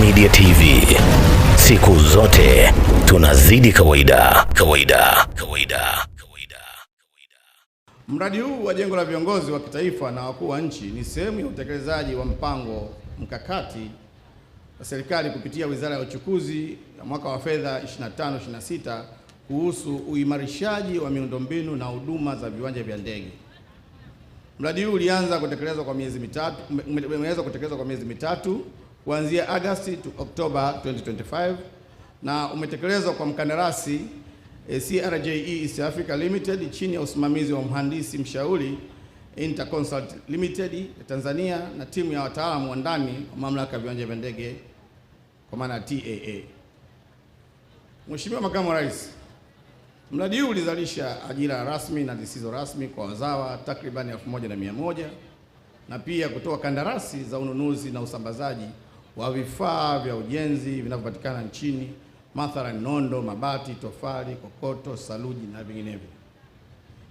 Media TV, siku zote tunazidi kawaida kawaida kawaida kawaida. Mradi huu wa jengo la viongozi wa kitaifa na wakuu wa nchi ni sehemu ya utekelezaji wa mpango mkakati wa serikali kupitia Wizara ya Uchukuzi ya mwaka wa fedha 25 26 kuhusu uimarishaji wa miundombinu na huduma za viwanja vya ndege. Mradi huu ulianza kutekelezwa kwa miezi mitatu, kutekelezwa kwa miezi mitatu kuanzia Agosti to Oktoba 2025 na umetekelezwa kwa mkandarasi eh, e, CRJE East Africa Limited chini ya usimamizi wa mhandisi mshauri Interconsult Limited ya Tanzania na timu ya wataalamu wa ndani wa mamlaka ya viwanja vya ndege kwa maana TAA. Mheshimiwa Makamu wa Rais, mradi huu ulizalisha ajira rasmi na zisizo rasmi kwa wazawa takribani elfu moja na mia moja na pia kutoa kandarasi za ununuzi na usambazaji wa vifaa vya ujenzi vinavyopatikana nchini, mathalan nondo, mabati, tofali, kokoto, saluji na vinginevyo.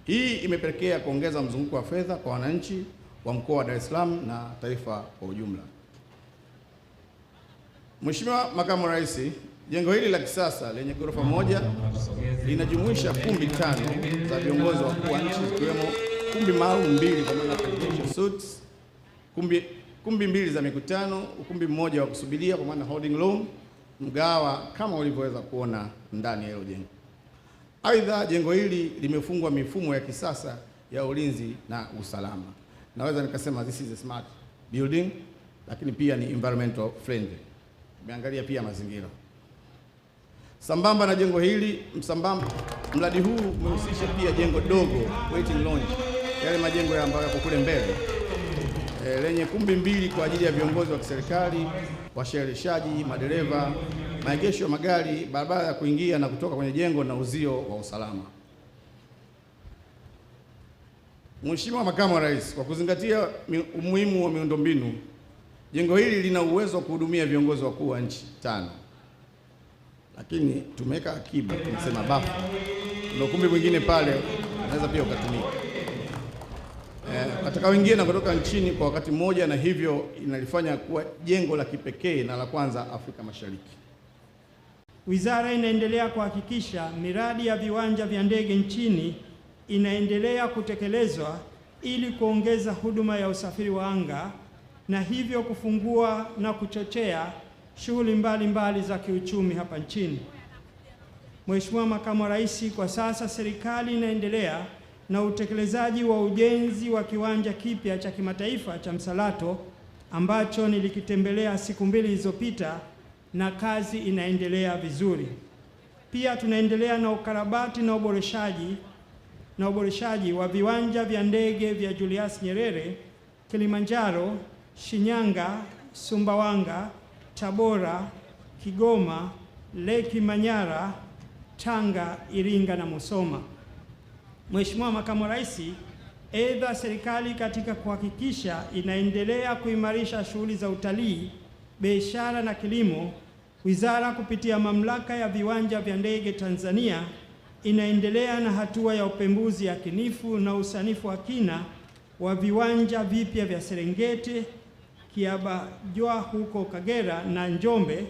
Hii imepelekea kuongeza mzunguko wa fedha kwa wananchi wa mkoa wa Dar es Salaam na taifa kwa ujumla. Mheshimiwa Makamu Rais, jengo hili la kisasa lenye ghorofa moja linajumuisha kumbi tano za viongozi wakuu wa nchi zikiwemo kumbi maalum mbili kwa maana presidential kumbi kumbi mbili za mikutano, ukumbi mmoja wa kusubiria kwa maana holding room, mgawa kama ulivyoweza kuona ndani ya hilo jengo. Aidha, jengo hili limefungwa mifumo ya kisasa ya ulinzi na usalama. Naweza nikasema this is a smart building, lakini pia ni environmental friendly. Nimeangalia pia mazingira. Sambamba na jengo hili msambamba, mradi huu umehusisha pia jengo dogo waiting lounge, yale majengo ambayo yako kule mbele e, lenye kumbi mbili kwa ajili ya viongozi wa kiserikali, washehereshaji, madereva, maegesho ya magari, barabara ya kuingia na kutoka kwenye jengo na uzio wa usalama. Mheshimiwa Makamu wa Rais, kwa kuzingatia umuhimu wa miundombinu, jengo hili lina uwezo wa kuhudumia viongozi wakuu wa nchi tano, lakini tumeweka akiba, tumesema bafu, ndio ukumbi mwingine pale unaweza pia ukatumika eh, wataka wengine na kutoka nchini kwa wakati mmoja, na hivyo inalifanya kuwa jengo la kipekee na la kwanza Afrika Mashariki. Wizara inaendelea kuhakikisha miradi ya viwanja vya ndege nchini inaendelea kutekelezwa ili kuongeza huduma ya usafiri wa anga na hivyo kufungua na kuchochea shughuli mbalimbali za kiuchumi hapa nchini. Mheshimiwa Makamu wa Rais, kwa sasa serikali inaendelea na utekelezaji wa ujenzi wa kiwanja kipya cha kimataifa cha Msalato ambacho nilikitembelea siku mbili zilizopita na kazi inaendelea vizuri. Pia tunaendelea na ukarabati na uboreshaji na uboreshaji wa viwanja vya ndege vya Julius Nyerere, Kilimanjaro, Shinyanga, Sumbawanga, Tabora, Kigoma, Lake Manyara, Tanga, Iringa na Musoma. Mheshimiwa Makamu Rais, aidha serikali katika kuhakikisha inaendelea kuimarisha shughuli za utalii, biashara na kilimo, wizara kupitia mamlaka ya viwanja vya ndege Tanzania inaendelea na hatua ya upembuzi yakinifu na usanifu wa kina wa viwanja vipya vya Serengeti, Kiabajwa huko Kagera na Njombe,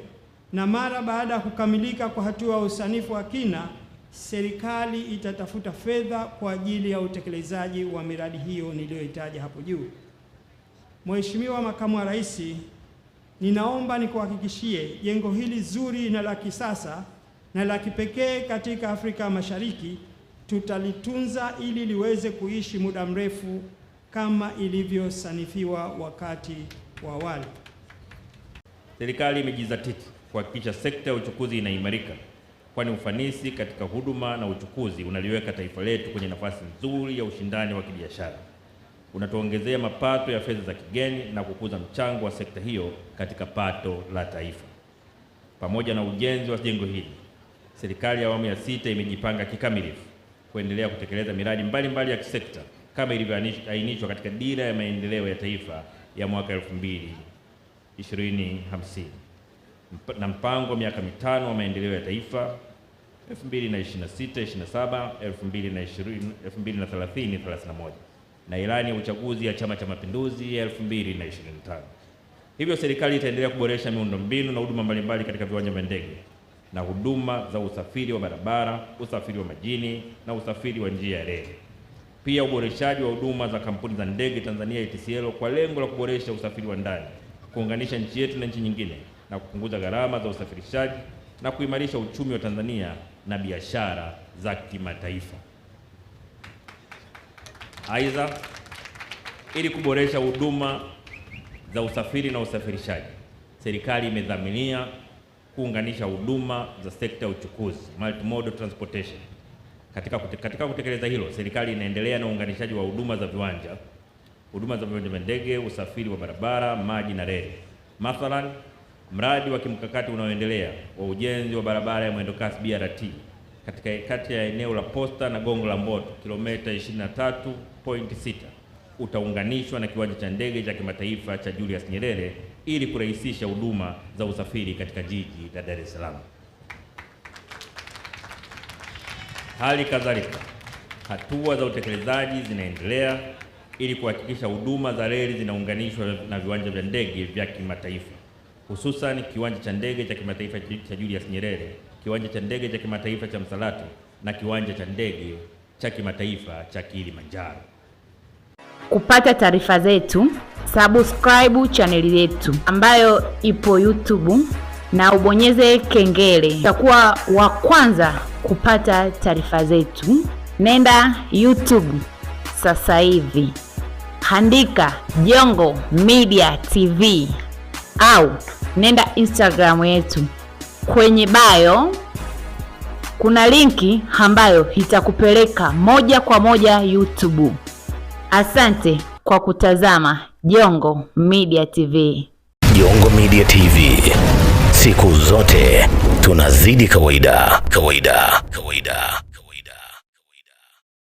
na mara baada ya kukamilika kwa hatua ya usanifu wa kina serikali itatafuta fedha kwa ajili ya utekelezaji wa miradi hiyo niliyohitaja hapo juu. Mheshimiwa Makamu wa Rais, ninaomba nikuhakikishie jengo hili zuri na la kisasa na la kipekee katika Afrika Mashariki tutalitunza ili liweze kuishi muda mrefu kama ilivyosanifiwa wakati wa awali. Serikali imejizatiti kuhakikisha sekta ya uchukuzi inaimarika kwani ufanisi katika huduma na uchukuzi unaliweka taifa letu kwenye nafasi nzuri ya ushindani wa kibiashara, unatuongezea mapato ya fedha za kigeni na kukuza mchango wa sekta hiyo katika pato la taifa. Pamoja na ujenzi wa jengo hili, serikali ya awamu ya sita imejipanga kikamilifu kuendelea kutekeleza miradi mbalimbali mbali ya kisekta kama ilivyoainishwa katika Dira ya Maendeleo ya Taifa ya mwaka 2050 na mpango wa miaka mitano wa maendeleo ya taifa 2026, 2027, 2030, na ilani ya uchaguzi ya Chama cha Mapinduzi ya 2025. Hivyo serikali itaendelea kuboresha miundombinu na huduma mbalimbali katika viwanja vya ndege na huduma za usafiri wa barabara, usafiri wa majini na usafiri wa njia ya reli. Pia uboreshaji wa huduma za kampuni za ndege Tanzania ATCL kwa lengo la kuboresha usafiri wa ndani, kuunganisha nchi yetu na nchi nyingine na kupunguza gharama za usafirishaji na kuimarisha uchumi wa Tanzania na biashara za kimataifa. Aidha, ili kuboresha huduma za usafiri na usafirishaji, serikali imedhaminia kuunganisha huduma za sekta ya uchukuzi multimodal transportation. Katika, katika kutekeleza hilo, serikali inaendelea na uunganishaji wa huduma za viwanja huduma za viwanja vya ndege, usafiri wa barabara, maji na reli. Mathalan, mradi wa kimkakati unaoendelea wa ujenzi wa barabara ya mwendokasi BRT katika kati ya eneo la Posta na Gongo la Mboto kilomita 23.6 utaunganishwa na kiwanja cha ndege cha kimataifa cha Julius Nyerere ili kurahisisha huduma za usafiri katika jiji la Dar es Salaam. Hali kadhalika, hatua za utekelezaji zinaendelea ili kuhakikisha huduma za reli zinaunganishwa na viwanja vya ndege vya kimataifa hususan kiwanja cha ndege cha kimataifa cha Julius Nyerere, kiwanja cha ndege cha kimataifa cha Msalato na kiwanja cha ndege cha kimataifa cha Kilimanjaro. Kupata taarifa zetu, subscribe chaneli yetu ambayo ipo YouTube na ubonyeze kengele, utakuwa wa kwanza kupata taarifa zetu. Nenda YouTube sasa hivi, andika Jongo Media TV au nenda Instagram yetu kwenye bio kuna linki ambayo itakupeleka moja kwa moja YouTube. Asante kwa kutazama Jongo Media TV. Jongo Media TV, siku zote tunazidi kawaida, kawaida, kawaida.